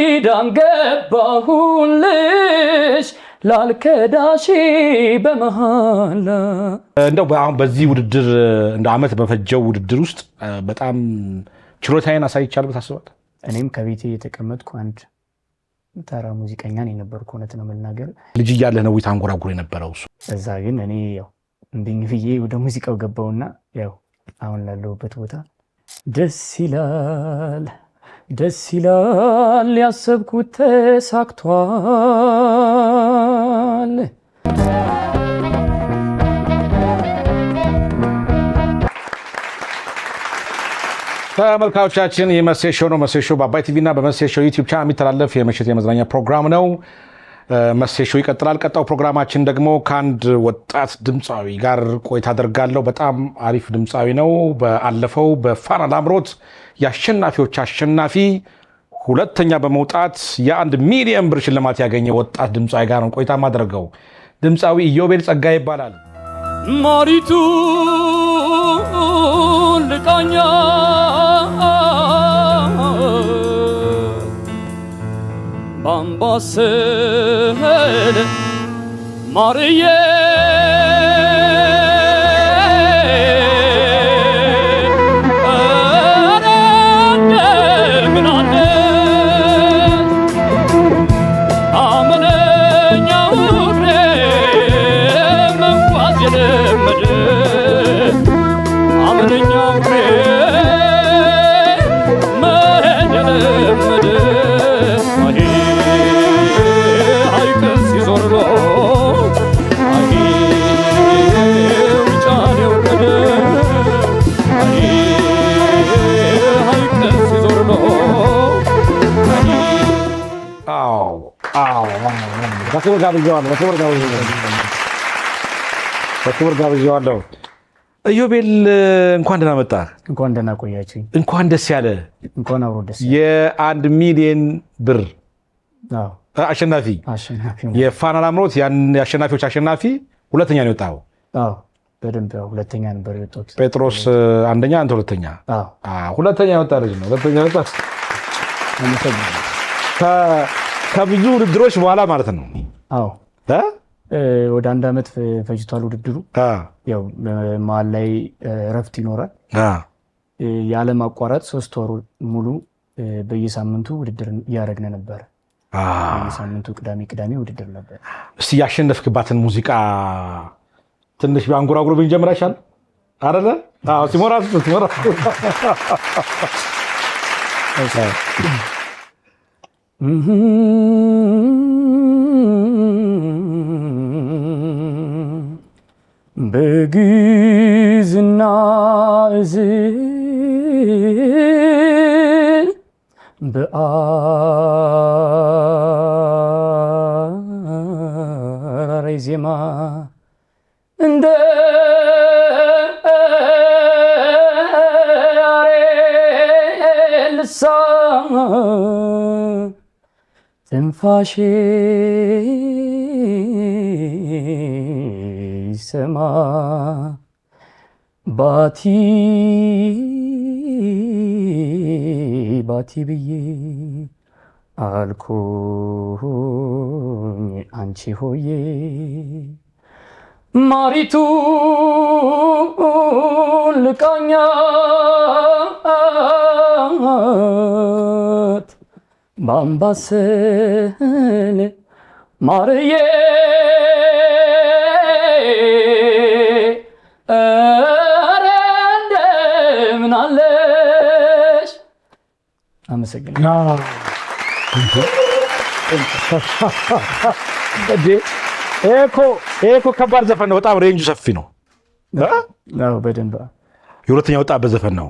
ኪዳን ገባሁልሽ ላልከዳሺ በመሃላ። እንደው አሁን በዚህ ውድድር እንደ አመት በፈጀው ውድድር ውስጥ በጣም ችሎታዬን አሳይቻለሁ ታስባለህ? እኔም ከቤቴ የተቀመጥኩ አንድ ተራ ሙዚቀኛን የነበርኩ እውነት ነው የምናገር። ልጅ እያለህ ነው ታንጎራጉር የነበረው እሱ። እዛ ግን እኔ ያው እንዲኝ ብዬ ወደ ሙዚቃው ገባውና ያው አሁን ላለሁበት ቦታ ደስ ይላል። ደስ ይላል ያሰብኩት ተሳክቷል። ተመልካቾቻችን ይህ ነው። መሴሾ በአባይ ቲቪ እና በመሴሾ ዩቲዩብ ቻናል የሚተላለፍ የምሽት የመዝናኛ ፕሮግራም ነው። መሴሾ ይቀጥላል። ቀጣው ፕሮግራማችን ደግሞ ከአንድ ወጣት ድምፃዊ ጋር ቆይታ አደርጋለሁ። በጣም አሪፍ ድምፃዊ ነው። በአለፈው በፋና ላምሮት የአሸናፊዎች አሸናፊ ሁለተኛ በመውጣት የአንድ ሚሊዮን ብር ሽልማት ያገኘ ወጣት ድምፃዊ ጋር ነው ቆይታ ማደርገው። ድምፃዊ ኢዮቤል ጸጋ ይባላል። ማሪቱ ልቃኛ ባምባሰል ማርዬ በክብር ጋብዣዋለሁ። በክብር በክብር ጋብዣዋለሁ። ኢዮቤል እንኳን ደህና መጣ እንኳን ደህና ቆያችሁኝ። እንኳን ደስ ያለ። እንኳን አብሮ ደስ ያለ። የአንድ ሚሊዮን ብር አሸናፊ የፋና ላምሮት የአሸናፊዎች አሸናፊ ሁለተኛ ነው የወጣኸው። በደንብ ሁለተኛ ነበር የወጣሁት። ጴጥሮስ አንደኛ፣ አንተ ሁለተኛ። ሁለተኛ የወጣ ልጅ ነው። ሁለተኛ የወጣ ከብዙ ውድድሮች በኋላ ማለት ነው። አዎ ወደ አንድ ዓመት ፈጅቷል ውድድሩ። ያው መሀል ላይ እረፍት ይኖራል። ያለማቋረጥ ሶስት ወር ሙሉ በየሳምንቱ ውድድር እያደረግን ነበር። ሳምንቱ ቅዳሜ ቅዳሜ ውድድር ነበር። እስቲ ያሸነፍክባትን ሙዚቃ ትንሽ በአንጎራጉሮ ብንጀምር አይሻል? አደለ? ሲሞራ ሲሞራ በግዕዝና እዝል በአራራይ ዜማ እንደ ያሬድ ልሳን ትንፋሼ ስማ ባቲ ባቲ ብዬ አልኩኝ አንቺ ሆዬ ማሪቱ ልቃኛት ባምባሰል ማርዬ ኧረ እንደምን አለሽ? አመሰግናለሁ። እኮ ከባድ ዘፈን ነው። በጣም ሬንጁ ሰፊ ነው። በደንብ የሁለተኛ ወጣበት ዘፈን ነው።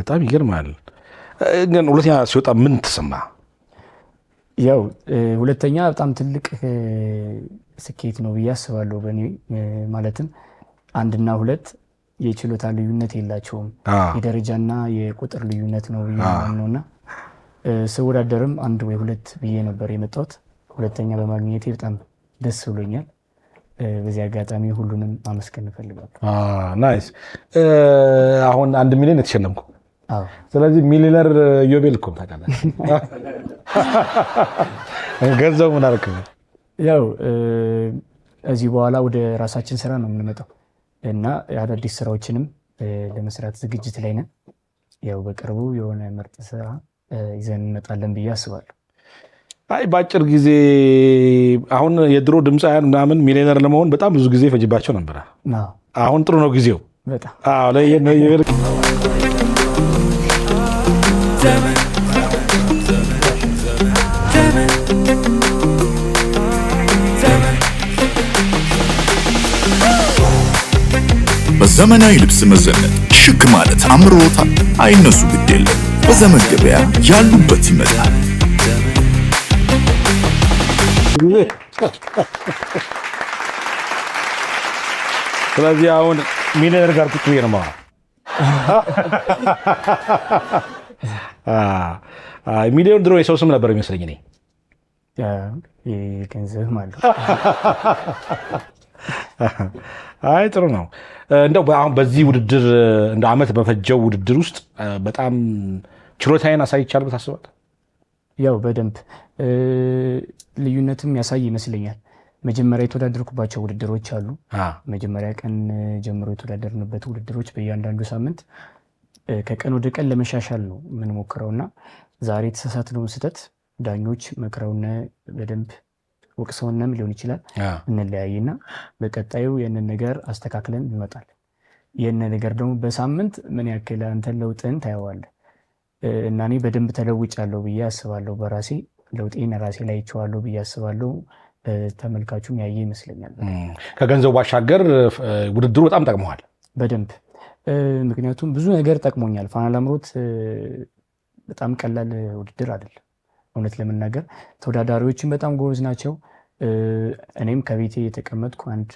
በጣም ይገርማል። ሁለተኛ ሲወጣ ምን ትሰማ? ያው ሁለተኛ በጣም ትልቅ ስኬት ነው ብዬ አስባለሁ። በእኔ ማለትም አንድና ሁለት የችሎታ ልዩነት የላቸውም። የደረጃና የቁጥር ልዩነት ነው ብዬ ነው እና ስወዳደርም አንድ ወይ ሁለት ብዬ ነበር የመጣሁት። ሁለተኛ በማግኘቴ በጣም ደስ ብሎኛል። በዚህ አጋጣሚ ሁሉንም አመስገን እፈልጋለሁ። ናይስ። አሁን አንድ ሚሊዮን የተሸለምኩ ስለዚህ ሚሊነር ኢዮቤል እኮ ታውቃለህ፣ ገንዘቡ ምን አልክ? ያው እዚህ በኋላ ወደ ራሳችን ስራ ነው የምንመጣው እና አዳዲስ ስራዎችንም ለመስራት ዝግጅት ላይ ነን። ያው በቅርቡ የሆነ ምርጥ ስራ ይዘን እንመጣለን ብዬ አስባለሁ። አይ በአጭር ጊዜ አሁን የድሮ ድምፃውያን ምናምን ሚሊነር ለመሆን በጣም ብዙ ጊዜ ፈጅባቸው ነበረ። አሁን ጥሩ ነው ጊዜው በጣም በዘመናዊ ልብስ መዘነጥ ሽክ ማለት አምሮታል። አይነሱ ግድ የለም። በዘመን ገበያ ያሉበት ይመጣል። ስለዚህ አሁን ሚሊዮነር ጋር ቁጭ ነው ሚሊዮን ድሮ የሰው ስም ነበር የሚመስለኝ እኔ ገንዘብ ማለት አይ ጥሩ ነው። እንደው አሁን በዚህ ውድድር እንደ አመት በፈጀው ውድድር ውስጥ በጣም ችሎታዬን አሳይቻለሁ ታስባል። ያው በደንብ ልዩነትም ያሳይ ይመስለኛል። መጀመሪያ የተወዳደርኩባቸው ውድድሮች አሉ። መጀመሪያ ቀን ጀምሮ የተወዳደርንበት ውድድሮች በእያንዳንዱ ሳምንት ከቀን ወደ ቀን ለመሻሻል ነው የምንሞክረውና ዛሬ የተሳሳትነውን ስህተት ዳኞች መክረውነ በደንብ ወቅሰውነም ሊሆን ይችላል እንለያይና በቀጣዩ ያንን ነገር አስተካክለን እንመጣል ይህን ነገር ደግሞ በሳምንት ምን ያክል አንተን ለውጥን ታየዋለ እና እኔ በደንብ ተለውጫለሁ ብዬ አስባለሁ። በራሴ ለውጤን ራሴ ላይ ይችዋለሁ ብዬ አስባለሁ። ተመልካቹም ያየ ይመስለኛል። ከገንዘቡ ባሻገር ውድድሩ በጣም ጠቅመዋል። በደንብ ምክንያቱም ብዙ ነገር ጠቅሞኛል። ፋና ላምሮት በጣም ቀላል ውድድር አይደለም። እውነት ለመናገር ተወዳዳሪዎችን በጣም ጎበዝ ናቸው። እኔም ከቤቴ የተቀመጥኩ አንድ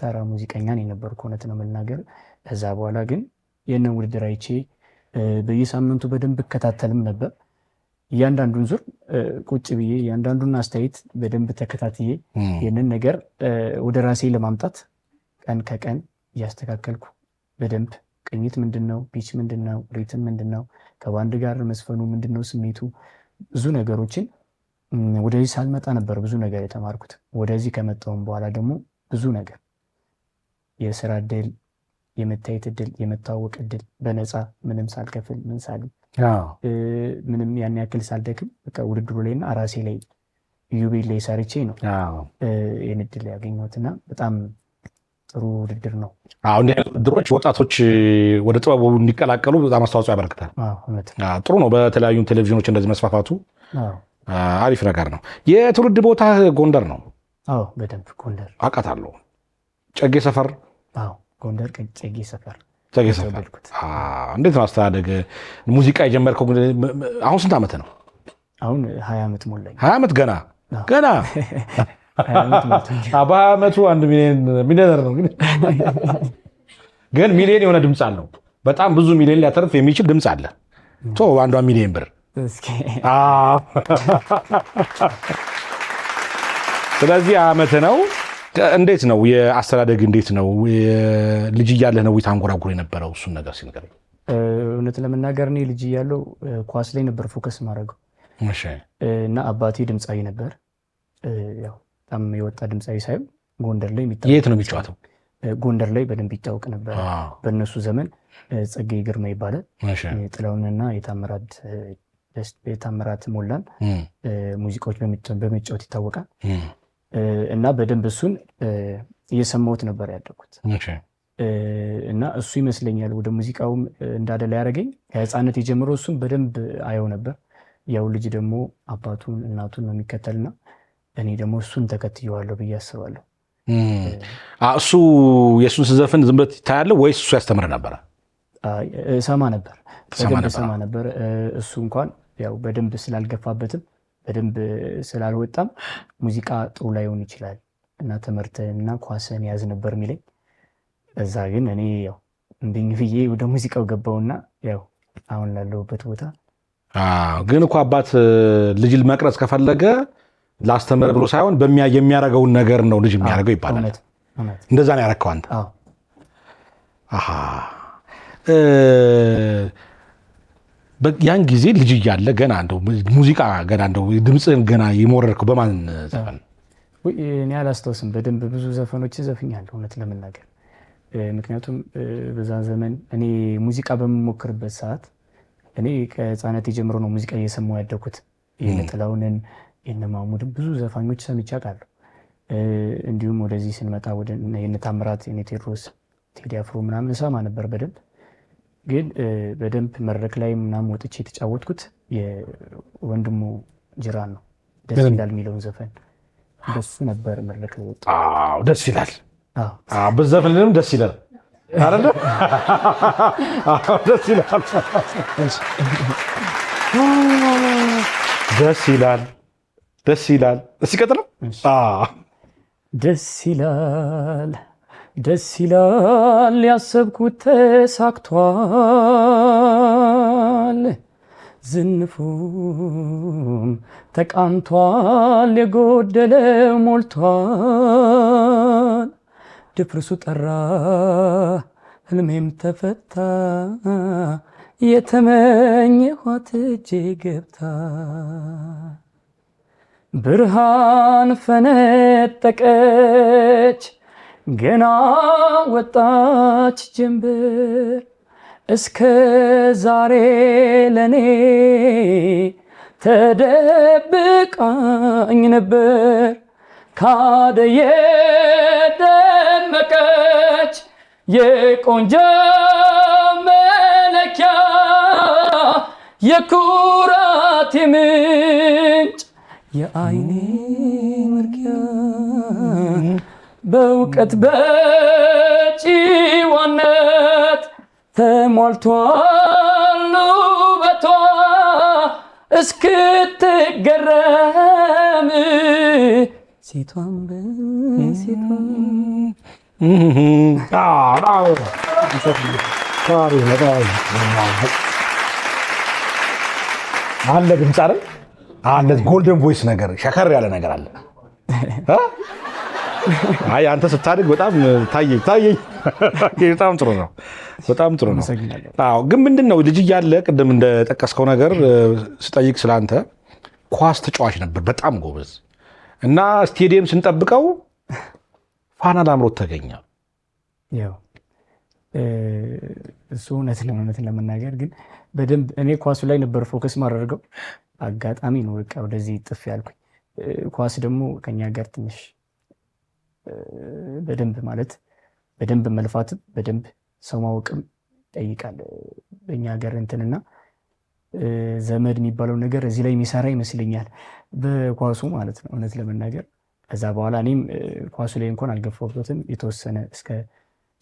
ተራ ሙዚቀኛን የነበርኩ እውነት ነው መናገር። ከዛ በኋላ ግን ይህንን ውድድር አይቼ በየሳምንቱ በደንብ እከታተልም ነበር። እያንዳንዱን ዙር ቁጭ ብዬ እያንዳንዱን አስተያየት በደንብ ተከታትዬ ይህንን ነገር ወደ ራሴ ለማምጣት ቀን ከቀን እያስተካከልኩ በደንብ ቅኝት ምንድን ነው፣ ፒች ምንድን ነው፣ ሪትም ምንድን ነው፣ ከባንድ ጋር መስፈኑ ምንድን ነው ስሜቱ፣ ብዙ ነገሮችን ወደዚህ ሳልመጣ ነበር ብዙ ነገር የተማርኩት። ወደዚህ ከመጣውም በኋላ ደግሞ ብዙ ነገር የስራ እድል፣ የመታየት እድል፣ የመታወቅ እድል በነፃ ምንም ሳልከፍል ምን ሳል ምንም ያን ያክል ሳልደክም በቃ ውድድሩ ላይና ራሴ ላይ ዩቤ ላይ ሰርቼ ነው ይህን እድል ያገኘሁት እና በጣም ጥሩ ውድድር ነው። እንዲህ ድሮች ወጣቶች ወደ ጥበቡ እንዲቀላቀሉ በጣም አስተዋጽኦ ያበረክታል። ጥሩ ነው። በተለያዩ ቴሌቪዥኖች እንደዚህ መስፋፋቱ አሪፍ ነገር ነው። የትውልድ ቦታ ጎንደር ነው። በደንብ ጎንደር አውቃታለሁ። ጨጌ ሰፈር ጎንደር ጨጌ ሰፈር ተገሰፈልኩት። እንዴት ነው አስተዳደግ? ሙዚቃ የጀመርከው አሁን ስንት ዓመት ነው? አሁን ሀያ ዓመት ሞላኝ። ሀያ ዓመት ገና ገና ዓመቱ አንድ ሚሊዮነር ነው ግን ሚሊዮን የሆነ ድምፅ አለው። በጣም ብዙ ሚሊዮን ሊያተርፍ የሚችል ድምፅ አለ። አንዷ ሚሊዮን ብር ስለዚህ አመት ነው። እንዴት ነው የአስተዳደግ እንዴት ነው ልጅ እያለህ ነው ታንጎራጉር የነበረው? እሱን ነገር ሲነገረኝ እውነት ለመናገር እኔ ልጅ እያለሁ ኳስ ላይ ነበር ፎከስ ማድረገው እና አባቴ ድምፃዊ ነበር በጣም የወጣ ድምፃዊ ሳይሆን ጎንደር ላይ የት ነው የሚጫወተው? ጎንደር ላይ በደንብ ይታወቅ ነበር። በእነሱ ዘመን ጸጌ ግርማ ይባላል። ጥላውንና የታምራት ሞላን ሙዚቃዎች በመጫወት ይታወቃል። እና በደንብ እሱን እየሰማሁት ነበር ያደጉት እና እሱ ይመስለኛል ወደ ሙዚቃውም እንዳደላ ያደረገኝ ከህፃነት የጀምረው እሱም በደንብ አየው ነበር። ያው ልጅ ደግሞ አባቱን እናቱን ነው የሚከተልና እኔ ደግሞ እሱን ተከትየዋለሁ ብዬ አስባለሁ። እሱ የእሱን ስዘፍን ዝም ብለህ ታያለህ ወይስ እሱ ያስተምር ነበረ? እሰማ ነበር፣ እሰማ ነበር። እሱ እንኳን ያው በደንብ ስላልገፋበትም በደንብ ስላልወጣም ሙዚቃ ጥሩ ላይሆን ይችላል እና ትምህርትንና ኳስን ያዝ ነበር የሚለኝ። እዛ ግን እኔ ያው እንድኝ ብዬ ወደ ሙዚቃው ገባውና ያው አሁን ላለሁበት ቦታ ግን እኮ አባት ልጅ መቅረጽ ከፈለገ ላስተምር ብሎ ሳይሆን የሚያደርገውን ነገር ነው ልጅ የሚያደርገው ይባላል። እንደዛ ነው ያደረከው አንተ። ያን ጊዜ ልጅ እያለ ገና እንደው ሙዚቃ ገና እንደው ድምፅህን ገና የሞረድከው በማን ዘፈን? እኔ አላስታውስም። በደንብ ብዙ ዘፈኖች ዘፍኛለሁ እውነት ለመናገር ምክንያቱም በዛን ዘመን እኔ ሙዚቃ በምሞክርበት ሰዓት እኔ ከህፃነት ጀምሮ ነው ሙዚቃ እየሰማሁ ያደኩት የነጥላውንን የነ ማሙድን ብዙ ዘፋኞች ሰምቼ አውቃለሁ። እንዲሁም ወደዚህ ስንመጣ ወደ የነ ታምራት የነ ቴዎድሮስ ቴዲ አፍሮ ምናምን እሰማ ነበር በደንብ ግን በደንብ መድረክ ላይ ምናምን ወጥቼ የተጫወትኩት የወንድሙ ጅራን ነው። ደስ ይላል የሚለውን ዘፈን በሱ ነበር መድረክ ላይ ወጥ ደስ ይላል ብዘፍንም ደስ ይላል አይደለ? ደስ ይላል ደስ ይላል ደስ ይላል። እስኪ ቀጥለው። ደስ ይላል ደስ ይላል ያሰብኩት ተሳክቷል፣ ዝንፉም ተቃንቷል፣ የጎደለ ሞልቷል። ድፍርሱ ጠራ ህልሜም ተፈታ፣ የተመኘኋት እጄ ገብታ ብርሃን ፈነጠቀች ገና ወጣች ጀንበር እስከ ዛሬ ለኔ ተደብቃኝ ነበር ካደየ ደመቀች የቆንጆ መለኪያ የኩራቴ ምንጭ የአይኔ መርጊያ በእውቀት በጭዋነት ተሟልቷል ውበቷ እስክትገረም ሴቷን በሴቷ አለ ድምፅ አይደል? አለት ጎልደን ቮይስ ነገር ሸከር ያለ ነገር አለ። አይ አንተ ስታድግ በጣም ታየኝ ታየኝ። በጣም ጥሩ ነው፣ በጣም ጥሩ ነው። አዎ ግን ምንድን ነው ልጅ እያለ ቅድም እንደጠቀስከው ነገር ስጠይቅ ስለአንተ ኳስ ተጫዋች ነበር፣ በጣም ጎበዝ እና ስቴዲየም ስንጠብቀው ፋና ላምሮት ተገኘ። እሱ እውነት ለመናገር ግን በደንብ እኔ ኳሱ ላይ ነበር ፎከስ ማደርገው አጋጣሚ ነው በቃ ወደዚህ ጥፍ ያልኩኝ። ኳስ ደግሞ ከኛ ጋር ትንሽ በደንብ ማለት በደንብ መልፋትም በደንብ ሰው ማወቅም ይጠይቃል። በእኛ ሀገር እንትንና ዘመድ የሚባለው ነገር እዚህ ላይ የሚሰራ ይመስለኛል፣ በኳሱ ማለት ነው እውነት ለመናገር ከዛ በኋላ እኔም ኳሱ ላይ እንኳን አልገፋበትም የተወሰነ እስከ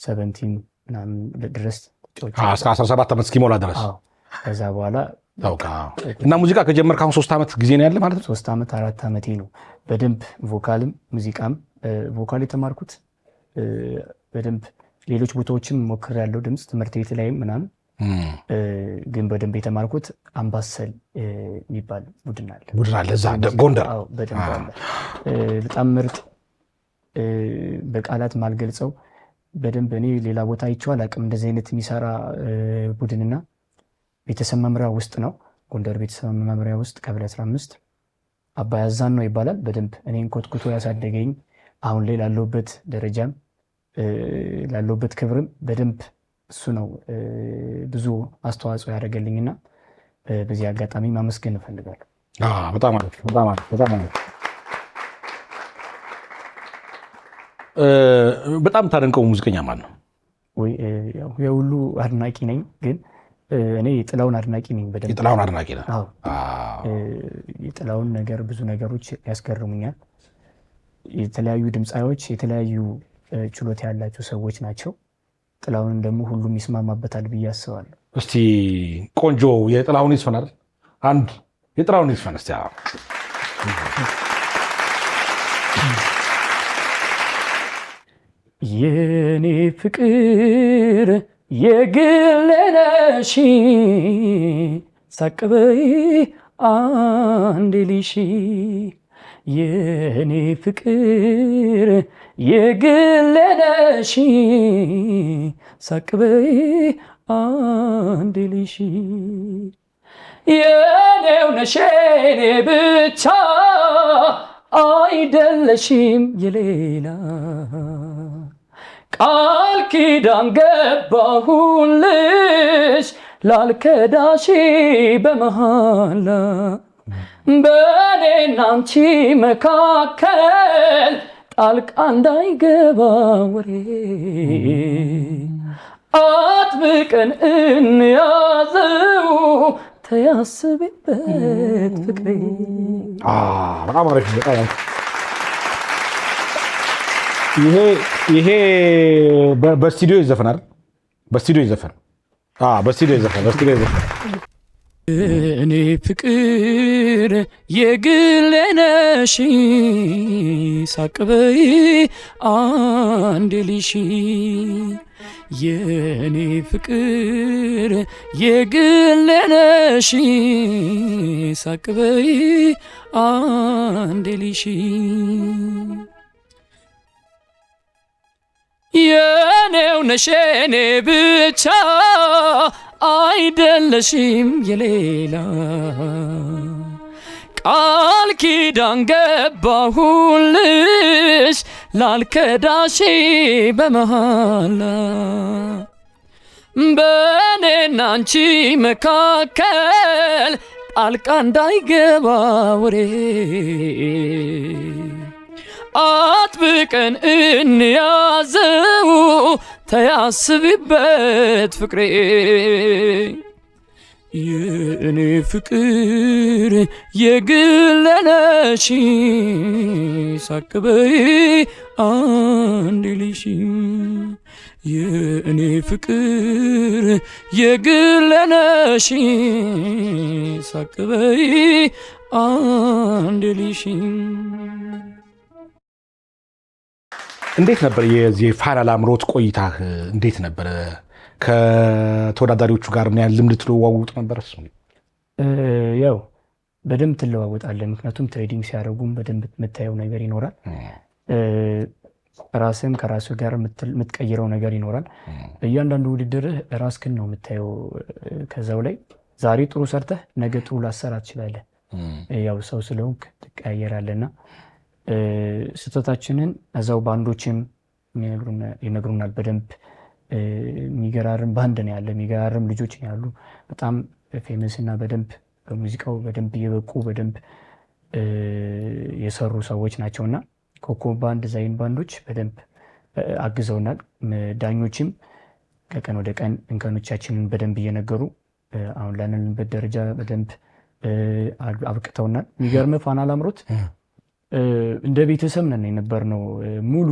ሰቨንቲን ምናምን ድረስ እስከ አስራ ሰባት ዓመት እስኪሞላ ድረስ ከዛ በኋላ እና ሙዚቃ ከጀመር አሁን ሶስት ዓመት ጊዜ ነው ያለ ማለት ነው? ሶስት ዓመት አራት ዓመቴ ነው። በደንብ ቮካልም ሙዚቃም ቮካል የተማርኩት በደንብ ሌሎች ቦታዎችም ሞክር ያለው ድምፅ ትምህርት ቤት ላይም ምናምን ግን በደንብ የተማርኩት አምባሰል የሚባል ቡድን አለ ቡድን አለ እዛ ጎንደር በደንብ አለ። በጣም ምርጥ በቃላት ማልገልጸው በደንብ እኔ ሌላ ቦታ አይቼው አላውቅም እንደዚህ አይነት የሚሰራ ቡድንና ቤተሰብ መምሪያ ውስጥ ነው። ጎንደር ቤተሰብ መምሪያ ውስጥ ቀበሌ 15 አባይ አዛን ነው ይባላል። በደንብ እኔን ኮትኩቶ ያሳደገኝ አሁን ላይ ላለሁበት ደረጃም ላለሁበት ክብርም በደንብ እሱ ነው ብዙ አስተዋጽኦ ያደረገልኝና በዚህ አጋጣሚ ማመስገን እፈልጋለሁ። በጣም አሪፍ በጣም አሪፍ በጣም አሪፍ። በጣም ታደንቀው ሙዚቀኛ ማን ነው? የሁሉ አድናቂ ነኝ ግን እኔ የጥላውን አድናቂ ነኝ። በደምብ የጥላውን አድናቂ የጥላውን ነገር ብዙ ነገሮች ያስገርሙኛል። የተለያዩ ድምፃዎች የተለያዩ ችሎታ ያላቸው ሰዎች ናቸው። ጥላውን ደግሞ ሁሉም ይስማማበታል ብዬ አስባለሁ። እስቲ ቆንጆ የጥላውን ይስፈናል አንድ የጥላውን ይስፈን እስቲ የኔ ፍቅር የግለነሺ ሳቅበይ አንድ ልሺ የኔ ፍቅር የግለነሺ ሳቅበይ አንድ ልሺ የኔው ነሽ የኔ ብቻ አይደለሽም የሌላ አልኪዳን ገባሁልሽ ላልከዳሽ በመሃላ በእኔና አንቺ መካከል ጣልቃ እንዳይገባ ወሬ አጥብቀን እንያዘው ተያስቢበት ፍቅሬ በጣም አሪፍ ይሄ ይሄ በስቱዲዮ ይዘፈናል። በስቱዲዮ ይዘፈን። በስቱዲዮ ይዘፈን። በስቱዲዮ ይዘፈን። እኔ ፍቅር የግሌ ነሽ ሳቅበይ አንድ ልሺ የእኔ ፍቅር የግሌ ነሽ ሳቅበይ አንድ ልሺ የኔው ነሽ የኔ ብቻ አይደለሽም የሌላ ቃል ኪዳን ገባሁልሽ ላልከዳሽ በመሃላ በእኔና አንቺ መካከል ጣልቃ እንዳይገባ ወሬ አጥብቀን እንያዘ ተያስቢበት ፍቅሬ የእኔ ፍቅር የግለነሽ ሳቅበይ አንድ ልሽ የእኔ ፍቅር የግለነሽ ሳቅበይ አንድ ልሽ እንዴት ነበር የዚህ ፋና ላምሮት ቆይታህ? እንዴት ነበረ? ከተወዳዳሪዎቹ ጋር ምን ያህል ልምድ ትለዋውጥ ነበር? ያው በደንብ ትለዋወጣለህ። ምክንያቱም ትሬዲንግ ሲያደርጉም በደንብ የምታየው ነገር ይኖራል። ራስህም ከራሱ ጋር የምትቀይረው ነገር ይኖራል። በእያንዳንዱ ውድድርህ ራስክን ነው የምታየው። ከዛው ላይ ዛሬ ጥሩ ሰርተህ ነገ ጥሩ ላሰራ ትችላለህ። ያው ሰው ስለሆንክ ትቀያየራለህና ስህተታችንን እዛው ባንዶችም ይነግሩናል። በደንብ የሚገራርም ባንድ ነው ያለ፣ የሚገራርም ልጆች ነው ያሉ፣ በጣም ፌመስ እና በደንብ በሙዚቃው በደንብ እየበቁ በደንብ የሰሩ ሰዎች ናቸውና ኮኮ ባንድ፣ ዛይን ባንዶች በደንብ አግዘውናል። ዳኞችም ከቀን ወደ ቀን እንከኖቻችንን በደንብ እየነገሩ አሁን ላለንበት ደረጃ በደንብ አብቅተውናል። የሚገርም ፋና ላምሮት እንደ ቤተሰብ ነን የነበር ነው ሙሉ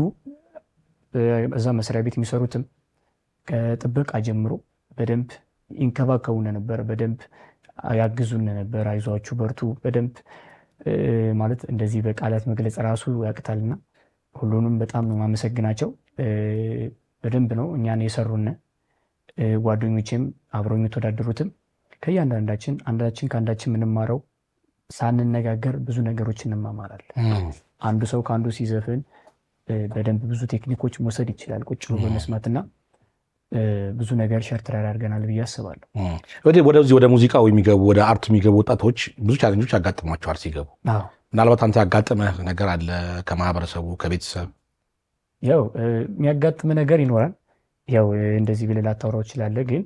እዛ መስሪያ ቤት የሚሰሩትም ከጥበቃ ጀምሮ በደንብ ይንከባከቡን ነበር። በደንብ ያግዙን ነበር። አይዟችሁ በርቱ። በደንብ ማለት እንደዚህ በቃላት መግለጽ ራሱ ያቅታልና ሁሉንም በጣም ነው ማመሰግናቸው። በደንብ ነው እኛን የሰሩነ። ጓደኞቼም አብረው የሚተዳደሩትም ከእያንዳንዳችን አንዳችን ከአንዳችን የምንማረው ሳንነጋገር ብዙ ነገሮች እንማማራለን። አንዱ ሰው ከአንዱ ሲዘፍን በደንብ ብዙ ቴክኒኮች መውሰድ ይችላል ቁጭ ብሎ መስማትና ብዙ ነገር ሸርትራ ያደርገናል ብዬ አስባለሁ። ወደዚህ ወደ ሙዚቃው የሚገቡ ወደ አርት የሚገቡ ወጣቶች ብዙ ቻለንጆች ያጋጥሟቸዋል ሲገቡ። ምናልባት አንተ ያጋጥመህ ነገር አለ ከማህበረሰቡ ከቤተሰብ? ያው የሚያጋጥም ነገር ይኖራል። ያው እንደዚህ ብለህ ላታወራው ይችላለ፣ ግን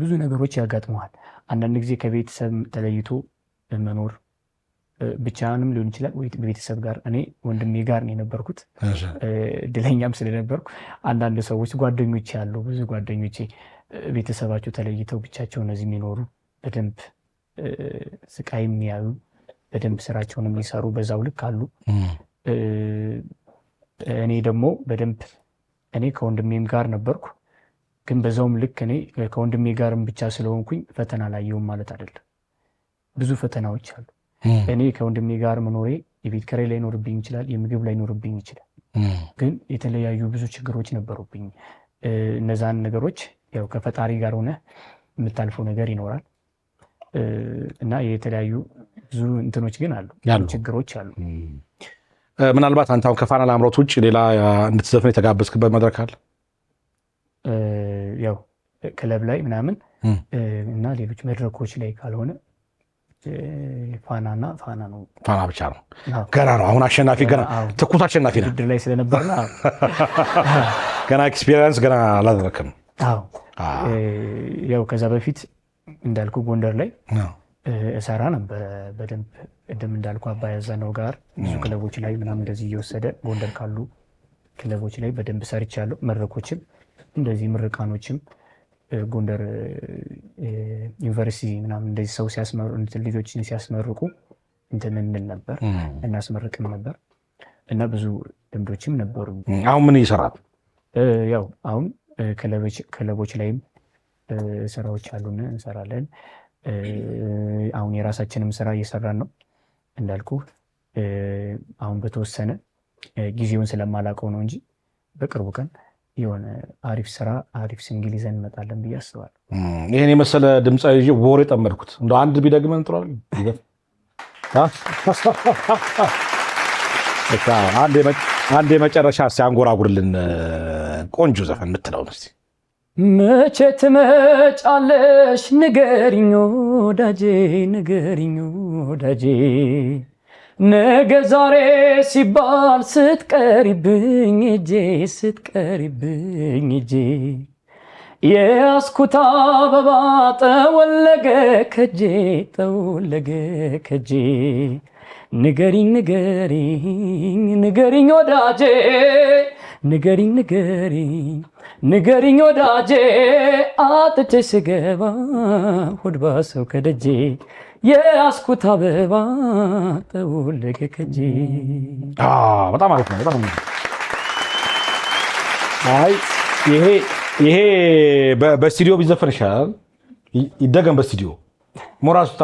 ብዙ ነገሮች ያጋጥመዋል። አንዳንድ ጊዜ ከቤተሰብ ተለይቶ መኖር ብቻንም ሊሆን ይችላል ወይ በቤተሰብ ጋር። እኔ ወንድሜ ጋር ነው የነበርኩት። እድለኛም ስለነበርኩ አንዳንድ ሰዎች ጓደኞች ያሉ ብዙ ጓደኞቼ ቤተሰባቸው ተለይተው ብቻቸው እነዚህ የሚኖሩ በደንብ ስቃይ የሚያዩ በደንብ ስራቸውን የሚሰሩ በዛው ልክ አሉ። እኔ ደግሞ በደንብ እኔ ከወንድሜም ጋር ነበርኩ፣ ግን በዛውም ልክ እኔ ከወንድሜ ጋርም ብቻ ስለሆንኩኝ ፈተና ላየውም ማለት አይደለም። ብዙ ፈተናዎች አሉ። እኔ ከወንድሜ ጋር መኖሬ የቤት ኪራይ ላይኖርብኝ ይችላል፣ የምግብ ላይኖርብኝ ይችላል። ግን የተለያዩ ብዙ ችግሮች ነበሩብኝ። እነዛን ነገሮች ያው ከፈጣሪ ጋር ሆነ የምታልፈው ነገር ይኖራል እና የተለያዩ ብዙ እንትኖች ግን አሉ፣ ችግሮች አሉ። ምናልባት አንተ አሁን ከፋና ላምሮት ውጭ ሌላ እንድትዘፍን የተጋበዝክበት መድረክ አለ? ያው ክለብ ላይ ምናምን እና ሌሎች መድረኮች ላይ ካልሆነ ፋናና ፋና ነው። ፋና ብቻ ነው። ገና ነው። አሁን አሸናፊ ገና ትኩስ አሸናፊ ነህ ላይ ስለነበርና ገና ኤክስፔሪንስ ገና አላደረክም። ያው ከዛ በፊት እንዳልኩ ጎንደር ላይ እሰራ ነበረ በደንብ ቅድም እንዳልኩ አባይ ነው ጋር ብዙ ክለቦች ላይ ምናም እንደዚህ እየወሰደ ጎንደር ካሉ ክለቦች ላይ በደንብ ሰርቻለሁ። መድረኮችም እንደዚህ ምርቃኖችም ጎንደር ዩኒቨርሲቲ ምናምን እንደዚህ ሰው ሲያስመሩ ልጆችን ሲያስመርቁ እንትን እንል ነበር፣ እናስመርቅም ነበር እና ብዙ ልምዶችም ነበሩ። አሁን ምን ይሰራል? ያው አሁን ክለቦች ላይም ስራዎች አሉን እንሰራለን። አሁን የራሳችንም ስራ እየሰራን ነው እንዳልኩ አሁን በተወሰነ ጊዜውን ስለማላውቀው ነው እንጂ በቅርቡ ቀን የሆነ አሪፍ ስራ አሪፍ ሲንግል ይዘን እንመጣለን ብዬ አስባለሁ። ይህን የመሰለ ድምፃዊ ይዤ ወሬ ጠመድኩት። እንደ አንድ ቢደግመን እንጥሯል። አንድ የመጨረሻ ሲያንጎራጉርልን ቆንጆ ዘፈን የምትለው እስኪ መቼ ትመጫለሽ ንገሪኝ ወዳጄ፣ ንገሪኝ ወዳጄ ነገ ዛሬ ሲባል ስትቀሪብኝ እጄ ስትቀሪብኝ እጄ የያዝኩት አበባ ጠወለገ ከጄ ጠወለገ ከጄ ንገሪኝ ንገሪኝ ንገሪኝ ወዳጄ ንገሪኝ ንገሪኝ ንገሪኝ ወዳጄ አጥቼ ስገባ ሆድ ባሰው ከደጄ የአስኩት አበባ ተወለቀ ከእጄ። በጣም አሪፍ ነው። በጣም አይ ይሄ ይሄ በስቱዲዮ ቢዘፈን ይሻላል። ይደገም በስቱዲዮ ሞራሱታ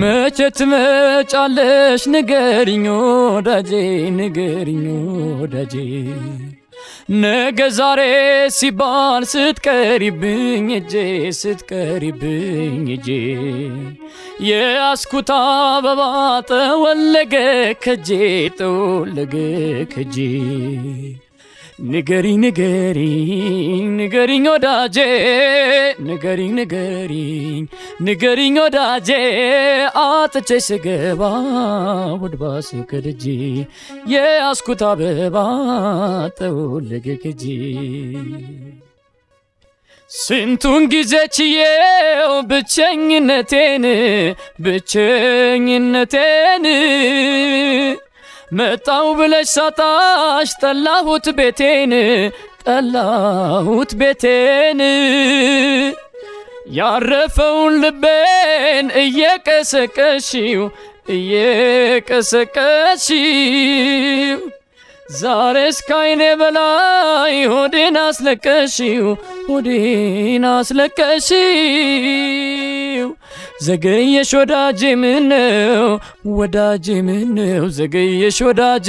መቼ ትመጫለሽ ንገሪኝ ወዳጄ፣ ንገሪኝ ወዳጄ ነገ ዛሬ ሲባል ስትቀሪብኝ እጄ ስትቀሪብኝ እጄ የአስኩታ አበባ ተወለገ ከጄ ተወለገ ከጄ ንገሪኝ ንገሪኝ ንገሪኝ ወዳጄ ንገሪኝ ንገሪኝ ንገሪኝ ወዳጄ አጥቼ ስገባ ውድባስ ከደጅ የያዝኩት አበባ ጠውልግ ክጂ ስንቱን ጊዜ ችዬው ብቸኝነቴን ብቸኝነቴን መጣው ብለሽ ሳጣሽ ጠላሁት ቤቴን ጠላሁት ቤቴን ያረፈውን ልቤን እየቀሰቀሽው እየቀሰቀሽው ዛሬ እስካይኔ በላይ ሆዴን አስለቀሽው ሆዴን አስለቀሽው ዘገየሽ ወዳጄ ምነው ወዳጄ ምነው ዘገየሽ ወዳጄ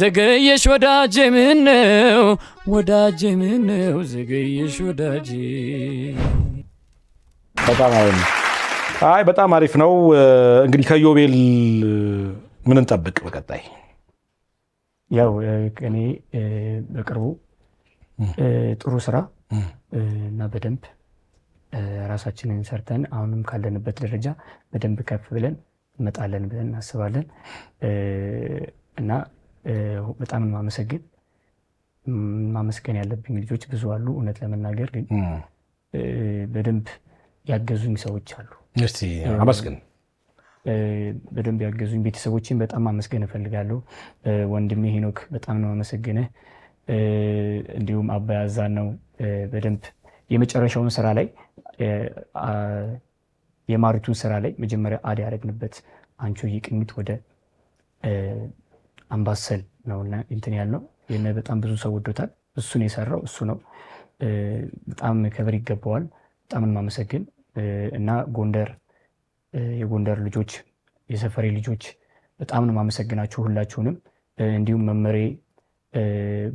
ዘገየሽ ወዳጄ ምነው ወዳጄ ምነው ዘገየሽ ወዳጄ። በጣም አሪፍ አይ በጣም አሪፍ ነው። እንግዲህ ከዮቤል ምን እንጠብቅ በቀጣይ? ያው እኔ በቅርቡ ጥሩ ስራ እና በደንብ ራሳችንን ሰርተን አሁንም ካለንበት ደረጃ በደንብ ከፍ ብለን እንመጣለን ብለን እናስባለን እና በጣም ማመሰግን ማመስገን ያለብኝ ልጆች ብዙ አሉ። እውነት ለመናገር ግን በደንብ ያገዙኝ ሰዎች አሉ። እስቲ አመስግን። በደንብ ያገዙኝ ቤተሰቦችን በጣም ማመስገን እፈልጋለሁ። ወንድሜ ሄኖክ በጣም ነው አመሰግንህ። እንዲሁም አባይ አዛን ነው በደንብ የመጨረሻውን ስራ ላይ የማሪቱን ስራ ላይ መጀመሪያ አድ ያደረግንበት አንቾ የቅኝት ወደ አምባሰል ነውና እንትን ያልነው የነ በጣም ብዙ ሰው ወዶታል። እሱን የሰራው እሱ ነው። በጣም ክብር ይገባዋል። በጣም ማመሰግን እና ጎንደር የጎንደር ልጆች የሰፈሬ ልጆች በጣም ነው ማመሰግናቸው ሁላችሁንም። እንዲሁም መመሬ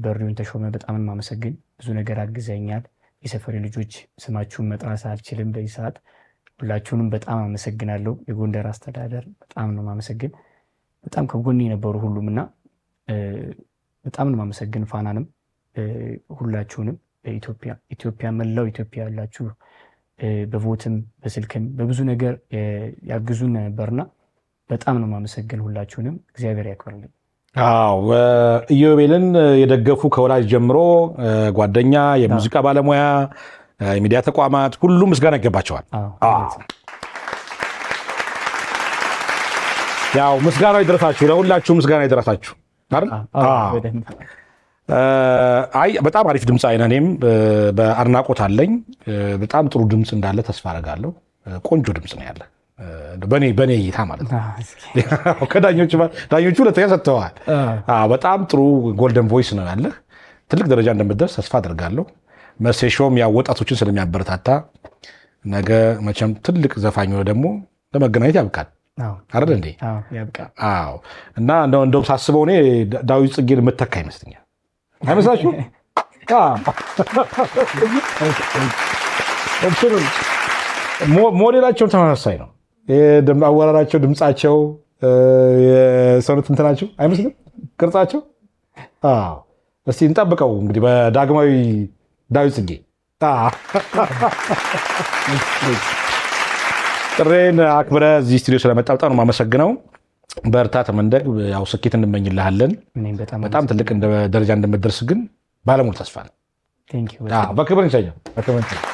በሪውን ተሾመ በጣም ማመሰግን ብዙ ነገር አግዘኛል። የሰፈሪ ልጆች ስማችሁን መጥራት አልችልም በዚህ ሰዓት። ሁላችሁንም በጣም አመሰግናለሁ። የጎንደር አስተዳደር በጣም ነው ማመሰግን። በጣም ከጎን የነበሩ ሁሉም እና በጣም ነው ማመሰግን። ፋናንም ሁላችሁንም በኢትዮጵያ ኢትዮጵያ መላው ኢትዮጵያ ያላችሁ በቮትም በስልክም በብዙ ነገር ያግዙን ነበርና በጣም ነው ማመሰግን። ሁላችሁንም እግዚአብሔር ያክብርልን። አዎ ኢዮቤልን የደገፉ ከወላጅ ጀምሮ ጓደኛ፣ የሙዚቃ ባለሙያ፣ የሚዲያ ተቋማት ሁሉም ምስጋና ይገባቸዋል። ያው ምስጋና ይድረሳችሁ፣ ለሁላችሁ ምስጋና ይድረሳችሁ። አይ በጣም አሪፍ ድምፅ አይነ እኔም በአድናቆት አለኝ። በጣም ጥሩ ድምፅ እንዳለ ተስፋ አደርጋለሁ። ቆንጆ ድምፅ ነው ያለ በኔ በኔ እይታ ማለት ነው። ከዳኞቹ ዳኞቹ ሁለተኛ ሰጥተዋል። በጣም ጥሩ ጎልደን ቮይስ ነው ያለህ። ትልቅ ደረጃ እንደምትደርስ ተስፋ አድርጋለሁ። መሴሾም ያ ወጣቶችን ስለሚያበረታታ ነገ መቼም ትልቅ ዘፋኝ ሆነ ደግሞ ለመገናኘት ያብቃል አይደል እንዴ? ያብቃል። እና እንደውም ሳስበው እኔ ዳዊት ጽጌን የምተካ ይመስለኛል። አይመስላችሁ? ሞዴላቸውም ተመሳሳይ ነው። አወራራቸው፣ ድምፃቸው፣ የሰውነት እንትናቸው አይመስልም ቅርጻቸው። እስቲ እንጠብቀው እንግዲህ በዳግማዊ ዳዊት ጽጌ ጥሬን አክብረ እዚህ ስቱዲዮ ስለመጣ በጣም ነው የማመሰግነው። በእርታ ተመንደግ፣ ያው ስኬት እንመኝልሃለን። በጣም ትልቅ ደረጃ እንደምደርስ ግን ባለሙሉ ተስፋ ነው። በክብር ይሰኛል።